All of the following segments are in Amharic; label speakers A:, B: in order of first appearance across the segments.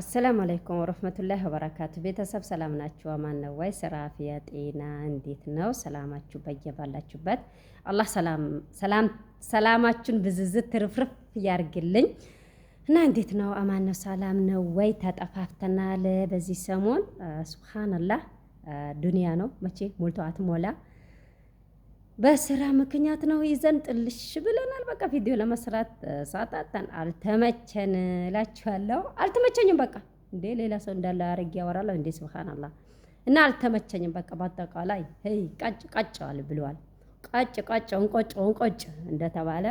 A: አሰላሙ አለይኩም ወረህመቱላሂ ወበረካቱ። ቤተሰብ ሰላም ናችሁ? አማን ነው ወይ? ስራ፣ አፍያ፣ ጤና እንዴት ነው? ሰላማችሁ በየባላችሁበት አላህ ሰላማችሁን ብዝዝት ትርፍርፍ ያርግልኝ እና እንዴት ነው? አማን ነው? ሰላም ነው ወይ? ተጠፋፍተናል በዚህ ሰሞን ሱብሃነላህ። ዱንያ ነው መቼ ሞልቶ አትሞላ በስራ ምክንያት ነው ይዘን ጥልሽ ብለናል። በቃ ቪዲዮ ለመስራት ሳጣጣን አልተመቸን እላችኋለሁ። አልተመቸኝም በቃ እንዴ ሌላ ሰው እንዳለ አረግ ያወራለሁ እንዴ ስብሃናላ። እና አልተመቸኝም በቃ በአጠቃላይ ይ ቃጭ ቃጨዋል ብለዋል። ቃጭ ቃጭ እንቆጭ እንቆጭ እንደተባለ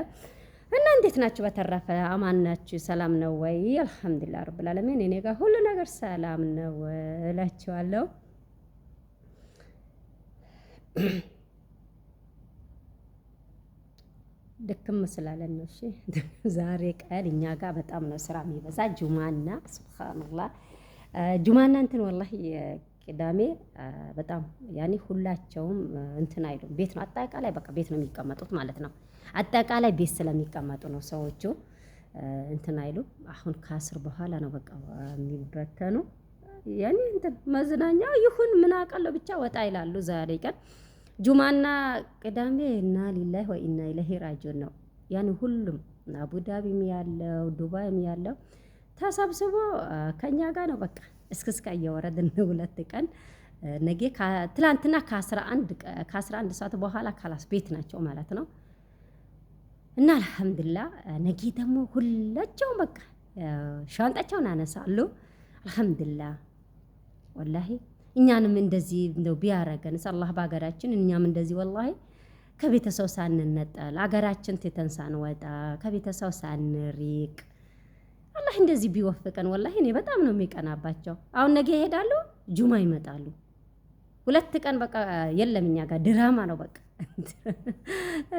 A: እና እንዴት ናችሁ? በተረፈ አማን ናችሁ? ሰላም ነው ወይ? አልሐምዱሊላህ ረብል ዓለሚን እኔ ጋር ሁሉ ነገር ሰላም ነው እላችኋለሁ። ድክም ስላለን ነው። ዛሬ ቀን እኛ ጋር በጣም ነው ስራ የሚበዛ ጁማና ስብሓንላ ጁማና እንትን ወላ ቅዳሜ በጣም ያኔ ሁላቸውም እንትን አይሉም። ቤት ነው አጠቃላይ በቃ ቤት ነው የሚቀመጡት ማለት ነው። አጠቃላይ ቤት ስለሚቀመጡ ነው ሰዎቹ እንትን አይሉም። አሁን ከአስር በኋላ ነው በቃ የሚበተኑ ያኔ እንትን መዝናኛ ይሁን ምን አውቃለሁ ብቻ ወጣ ይላሉ ዛሬ ቀን ጁማና ቅዳሜ እና ሊላህ ወይ እና ኢለይሂ ራጂዑን ነው። ያን ሁሉም አቡዳቢም ያለው ዱባይም ያለው ተሰብስቦ ከኛ ጋር ነው። በቃ እስክስካ እያወረድን ሁለት ቀን ነገ ትላንትና ከ11 ሰዓት በኋላ ካላስ ቤት ናቸው ማለት ነው። እና አልሐምዱላ ነገ ደግሞ ሁላቸውም በቃ ሻንጣቸውን አነሳሉ። አልሐምዱላ ወላሂ እኛንም እንደዚህ እንደው ቢያረገንስ አላህ በሀገራችን እኛም እንደዚህ ወላሂ ከቤተሰብ ሳንነጠል አገራችን ትተን ሳንወጣ ከቤተሰብ ሳንሪቅ አላህ እንደዚህ ቢወፍቀን ወላሂ እኔ በጣም ነው የሚቀናባቸው። አሁን ነገ ይሄዳሉ፣ ጁማ ይመጣሉ። ሁለት ቀን በቃ የለም እኛ ጋር ድራማ ነው በቃ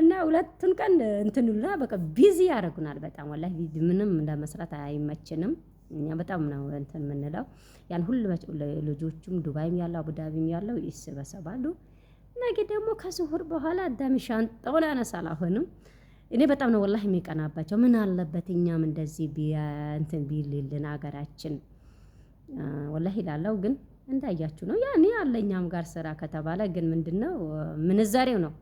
A: እና ሁለቱን ቀን እንትንና በቃ ቢዚ ያደርጉናል። በጣም ወላሂ ምንም ለመስራት አይመችንም። እኛ በጣም ነው እንትን የምንለው ያን ሁሉ ልጆቹም ዱባይም ያለው አቡዳቢም ያለው ይሰበሰባሉ። ነገ ደግሞ ከስሁር በኋላ አዳሚ ሻንጣውን ያነሳል። አሁንም እኔ በጣም ነው ወላሂ የሚቀናባቸው። ምን አለበት እኛም እንደዚህ እንትን ቢልልን አገራችን ወላሂ ይላለው። ግን እንዳያችሁ ነው ያ እኔ አለኛም ጋር ስራ ከተባለ ግን ምንድን ነው ምንዛሬው ነው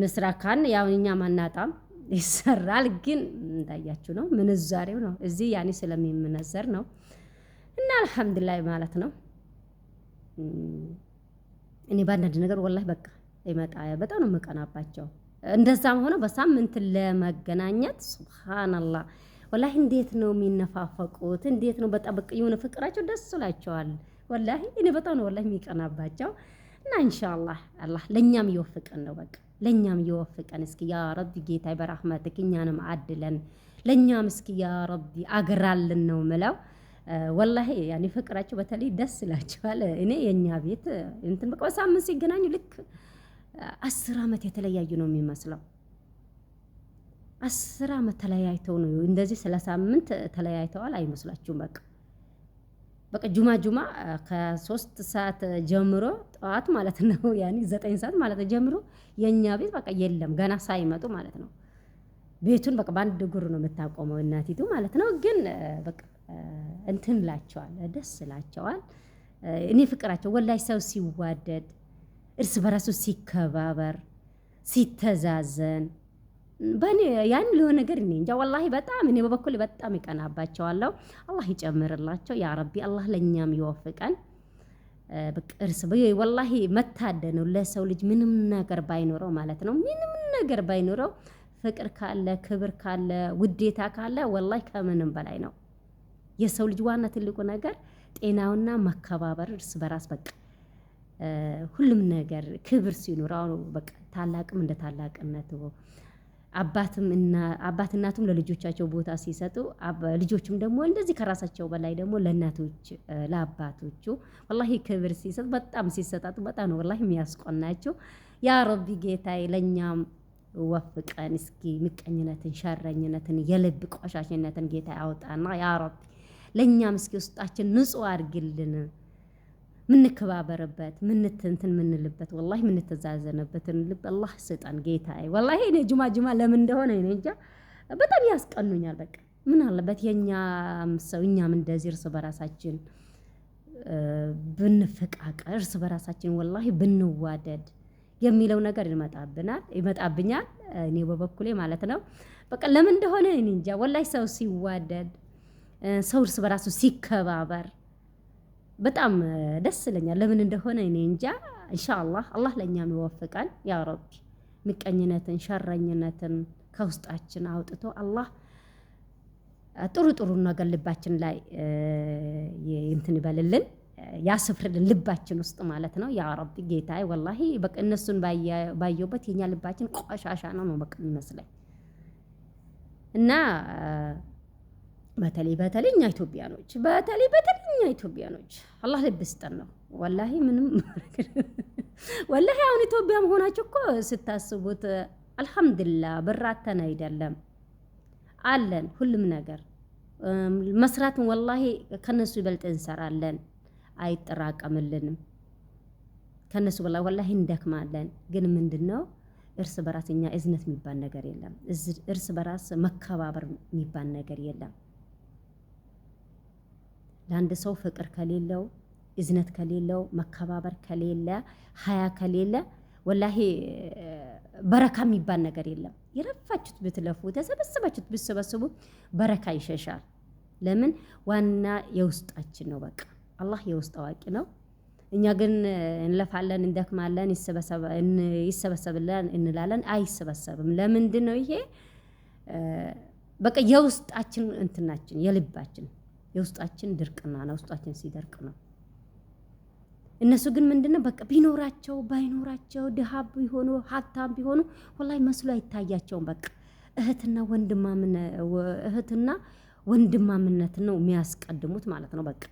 A: ንስራ ካን ያው እኛም አናጣም ይሰራል። ግን እንዳያችሁ ነው ምንዛሬው ነው እዚህ ያኔ ስለሚመነዘር ነው። እና አልሐምዱሊላህ ማለት ነው። እኔ በአንዳንድ ነገር ወላሂ በቃ ይመጣ በጣም ነው የምቀናባቸው። እንደዛም ሆነ በሳምንት ለመገናኘት ሱብሃንአላህ ወላሂ እንዴት ነው የሚነፋፈቁት? እንዴት ነው በጣም በቃ የሆነ ፍቅራቸው ደስ ላቸዋል። ወላሂ እኔ በጣም ነው ወላሂ የሚቀናባቸው እና ኢንሻአላህ አላህ ለእኛም ይወፍቀን ነው በቃ ለእኛም እየወፍቀን እስኪ ያ ረቢ ጌታ በራህመትክ እኛንም አድለን ለእኛም እስኪ ያ ረቢ አግራልን ነው ምለው። ወላሂ ያኔ ፍቅራቸው በተለይ ደስ ይላቸዋል። እኔ የእኛ ቤት እንትን በቃ በሳምንት ሲገናኙ ልክ አስር ዓመት የተለያዩ ነው የሚመስለው። አስር ዓመት ተለያይተው ነው እንደዚህ ስለ ሳምንት ተለያይተዋል አይመስላችሁም? በቃ በቃ ጁማ ጁማ ከሶስት ሰዓት ጀምሮ ጠዋት ማለት ነው ያኔ ዘጠኝ ሰዓት ማለት ጀምሮ የእኛ ቤት በቃ የለም ገና ሳይመጡ ማለት ነው። ቤቱን በቃ በአንድ እግሩ ነው የምታቆመው እናቲቱ ማለት ነው። ግን በቃ እንትን ላቸዋል ደስ ላቸዋል። እኔ ፍቅራቸው ወላጅ ሰው ሲዋደድ እርስ በራሱ ሲከባበር ሲተዛዘን በኔ ያን ለሆነ ነገር እኔ እንጃ ወላሂ በጣም እኔ በበኩል በጣም ይቀናባቸዋለሁ። አላህ ይጨምርላቸው ያ ረቢ፣ አላህ ለእኛም ይወፍቀን። በቅርስ እርስ ወላሂ መታደል ነው ለሰው ልጅ ምንም ነገር ባይኖረው ማለት ነው ምንም ነገር ባይኖረው ፍቅር ካለ ክብር ካለ ውዴታ ካለ ወላሂ ከምንም በላይ ነው። የሰው ልጅ ዋና ትልቁ ነገር ጤናውና መከባበር እርስ በራስ በቃ ሁሉም ነገር ክብር ሲኖረው በቃ ታላቅም እንደ ታላቅነቱ አባትም እና አባት እናቱም ለልጆቻቸው ቦታ ሲሰጡ ልጆችም ደግሞ እንደዚህ ከራሳቸው በላይ ደግሞ ለእናቶች ለአባቶቹ ወላሂ ክብር ሲሰጥ በጣም ሲሰጣጡ በጣም ነው ወላሂ የሚያስቆናቸው። ያ ረቢ ጌታዬ ለእኛም ወፍቀን እስኪ ምቀኝነትን፣ ሸረኝነትን፣ የልብ ቆሻሽነትን ጌታ ያውጣና ያ ረቢ ለእኛም እስኪ ውስጣችን ንጹህ አድርግልን። ምንከባበርበት ምንትንትን ምንልበት ወላሂ ምንተዛዘነበትን ልብ አላህ ስጠን ጌታ ወላሂ እኔ ጁማ ጁማ ለምን እንደሆነ እኔ እንጃ በጣም ያስቀኑኛል። በቃ ምን አለበት የእኛም ሰው እኛም እንደዚህ እርስ በራሳችን ብንፈቃቀር እርስ በራሳችን ወላ ብንዋደድ የሚለው ነገር ይመጣብናል ይመጣብኛል። እኔ በበኩሌ ማለት ነው በቃ ለምን እንደሆነ እኔ እንጃ ወላሂ ሰው ሲዋደድ ሰው እርስ በራሱ ሲከባበር በጣም ደስ ይለኛል። ለምን እንደሆነ እኔ እንጃ። ኢንሻአላህ አላህ ለእኛም ይወፍቀን ያ ረቢ። ምቀኝነትን፣ ሸረኝነትን ከውስጣችን አውጥቶ አላህ ጥሩ ጥሩ ነገር ልባችን ላይ እንትን ይበልልን ያስፍርልን ልባችን ውስጥ ማለት ነው። ያ ረቢ ጌታዬ፣ ወላሂ በቃ እነሱን ባየሁበት የኛ ልባችን ቆሻሻ ነው ነው በቃ የሚመስለኝ እና በተለይ በተለይ እኛ ኢትዮጵያኖች በተለይ በተለይ እኛ ኢትዮጵያኖች አላህ ልብ ስጠን ነው። ወላሂ ምንም ወላሂ አሁን ኢትዮጵያ መሆናችሁ እኮ ስታስቡት አልሐምዱላ ብራተን አይደለም አለን ሁሉም ነገር መስራትን ወላሂ ከነሱ ይበልጥ እንሰራለን፣ አይጠራቀምልንም። ከነሱ በላይ ወላሂ እንደክማለን። ግን ምንድን ነው እርስ በራስ እኛ እዝነት የሚባል ነገር የለም። እርስ በራስ መከባበር የሚባል ነገር የለም። ለአንድ ሰው ፍቅር ከሌለው እዝነት ከሌለው መከባበር ከሌለ ሀያ ከሌለ ወላሂ በረካ የሚባል ነገር የለም። የረፋችሁት ብትለፉ የተሰበሰባችሁት ብትሰበስቡ በረካ ይሸሻል። ለምን ዋና የውስጣችን ነው። በቃ አላህ የውስጥ አዋቂ ነው። እኛ ግን እንለፋለን፣ እንደክማለን፣ ይሰበሰብለን እንላለን። አይሰበሰብም። ለምንድን ነው ይሄ? በቃ የውስጣችን እንትናችን የልባችን የውስጣችን ድርቅና ነው። ውስጣችን ሲደርቅ ነው። እነሱ ግን ምንድነው በቃ ቢኖራቸው ባይኖራቸው ድሃ ቢሆኑ ሀብታም ቢሆኑ ወላሂ መስሎ አይታያቸውም። በቃ እህትና ወንድማምነ እህትና ወንድማምነት ነው የሚያስቀድሙት ማለት ነው። በቃ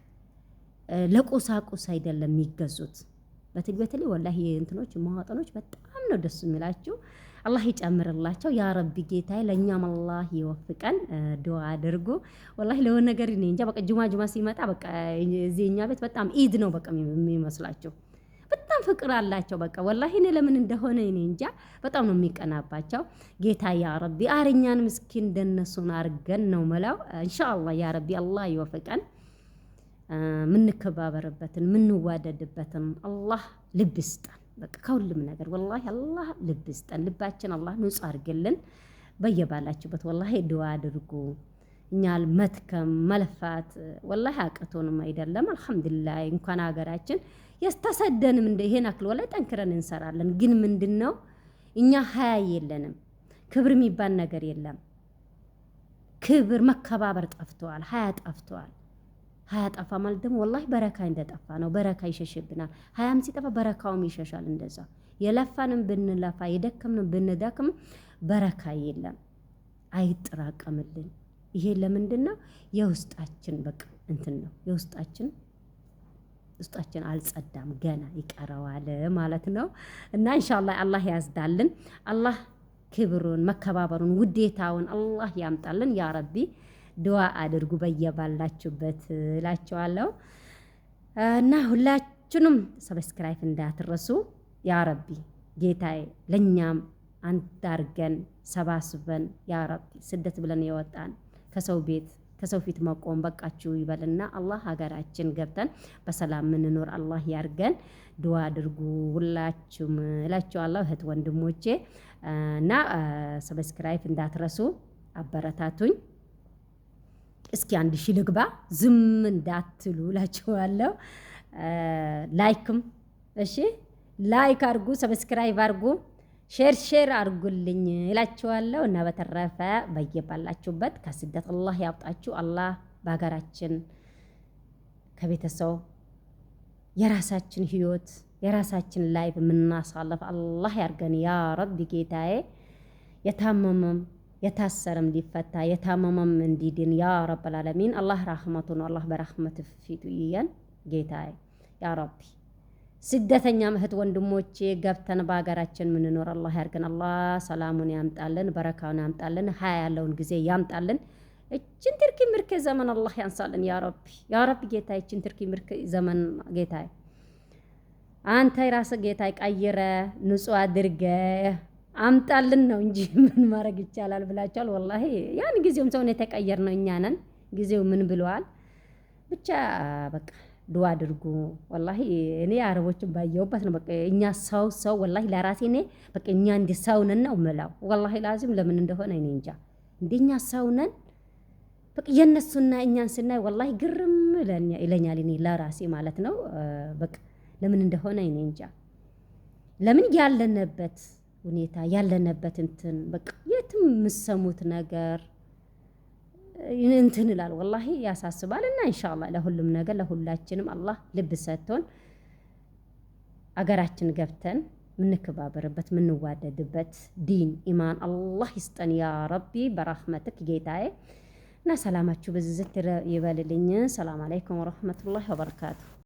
A: ለቁሳቁስ አይደለም የሚገዙት። በተለይ በተለይ ወላሂ እንትኖች መዋጠኖች በጣም ነው ደስ የሚላችሁ። አላህ ይጨምርላቸው ያ ረቢ ጌታዬ፣ ለእኛም አላህ ይወፍቀን። ዱዓ አድርጉ። ወላሂ ለሆነ ነገር እኔ እንጃ በቃ ጁማ ጁማ ሲመጣ በቃ እዚህ እኛ ቤት በጣም ኢድ ነው በቃ የሚመስላቸው። በጣም ፍቅር አላቸው። በቃ ወላሂ እኔ ለምን እንደሆነ እኔ እንጃ በጣም ነው የሚቀናባቸው። ጌታ ያ ረቢ አረኛን ምስኪን እንደነሱን አርገን ነው መላው። ኢንሻአላህ ያ ረቢ አላህ ይወፍቀን። ምንከባበርበትን ምንዋደድበትን አላህ ልብ ይስጠን። በቃ ከሁሉም ነገር ወላሂ አላህ ልብ ይስጠን። ልባችን አላህ ንጹህ አድርግልን። በየባላችሁበት ወላሂ ድዋ አድርጉ። እኛል መትከም መልፋት ወላሂ አቅቶንም አይደለም። አልሐምዱሊላህ እንኳን ሀገራችን የስተሰደንም እንደ ይሄን አክል ወላሂ ጠንክረን እንሰራለን። ግን ምንድን ነው እኛ ሀያ የለንም። ክብር የሚባል ነገር የለም። ክብር መከባበር ጠፍተዋል። ሀያ ጠፍተዋል። ሀያ ጠፋ ማለት ደግሞ ወላሂ በረካ እንደጠፋ ነው። በረካ ይሸሽብናል። ሀያም ሲጠፋ በረካውም ይሸሻል። እንደዛ የለፋንም ብንለፋ የደከምንም ብንደክም በረካ የለም፣ አይጠራቀምልን። ይሄ ለምንድን ነው? የውስጣችን በቃ እንትን ነው የውስጣችን ውስጣችን አልጸዳም፣ ገና ይቀረዋል ማለት ነው። እና ኢንሻላህ አላህ ያዝዳልን። አላህ ክብሩን፣ መከባበሩን፣ ውዴታውን አላህ ያምጣልን ያ ረቢ። ድዋ አድርጉ በየባላችሁበት እላችኋለሁ። እና ሁላችሁንም ሰብስክራይብ እንዳትረሱ ያረቢ ረቢ ጌታዬ፣ ለእኛም አንዳርገን ሰባስበን ያረቢ ስደት ብለን የወጣን ከሰው ቤት ከሰው ፊት መቆም በቃችሁ ይበልና አላህ ሀገራችን ገብተን በሰላም ምንኖር አላህ ያርገን። ድዋ አድርጉ ሁላችሁም እላችኋለሁ እህት ወንድሞቼ እና ሰብስክራይብ እንዳትረሱ አበረታቱኝ። እስኪ አንድ ሺህ ልግባ ዝም እንዳትሉ እላችኋለሁ። ላይክም እሺ ላይክ አርጉ፣ ሰብስክራይብ አርጉ፣ ሼር ሼር አርጉልኝ እላችኋለሁ። እና በተረፈ በየባላችሁበት ከስደት አላህ ያውጣችሁ። አላህ በሀገራችን ከቤተሰው የራሳችን ህይወት የራሳችን ላይፍ የምናሳለፍ አላህ ያርገን ያ ረቢ ጌታዬ። የታመመም የታሰረም ሊፈታ የታመመም እንዲድን ያ ረብ ልዓለሚን አላህ ራህመቱን አላህ በራህመት ፊቱ ይየን። ጌታዬ ያ ረቢ ስደተኛ እህት ወንድሞቼ ገብተን በሀገራችን ምንኖር አላህ ያርገን። አላህ ሰላሙን ያምጣልን፣ በረካውን ያምጣልን፣ ሀያ ያለውን ጊዜ ያምጣልን። እችን ትርኪ ምርክ ዘመን አላህ ያንሳልን። ያ ረቢ ያ ረቢ ጌታ እችን ትርኪ ምርክ ዘመን ጌታ አንተ የራስህ ጌታ ቀይረ ንጹህ አድርገህ አምጣልን ነው እንጂ ምን ማድረግ ይቻላል ብላችኋል። ወላሂ ያን ጊዜውም ሰውን የተቀየር ነው እኛ ነን። ጊዜው ምን ብለዋል ብቻ በቃ ዱዓ አድርጉ። ወላሂ እኔ አረቦችን ባየውበት ነው በቃ እኛ ሰው ሰው ወላሂ ለራሴ እኔ በቃ እኛ እንደ ሰው ነን ነው የምለው። ወላሂ ላዚም ለምን እንደሆነ እኔ እንጃ። እንደኛ ሰው ነን በቃ የእነሱና እኛን ስናይ ወላሂ ግርም ይለኛል። እኔ ለራሴ ማለት ነው በቃ ለምን እንደሆነ እኔ እንጃ። ለምን ያለንበት ሁኔታ ያለነበት እንትን በቃ የትም የምሰሙት ነገር እንትን ይላል። ወላሂ ያሳስባል። እና ኢንሻአላህ ለሁሉም ነገር ለሁላችንም አላህ ልብ ሰጥቶን አገራችን ገብተን ምንከባበርበት ምንዋደድበት ዲን ኢማን አላህ ይስጠን ያ ረቢ በራህመትክ ጌታዬ። እና ሰላማችሁ ብዝት ይበልልኝ። ሰላም አለይኩም ወረህመቱላሂ ወበረካቱ።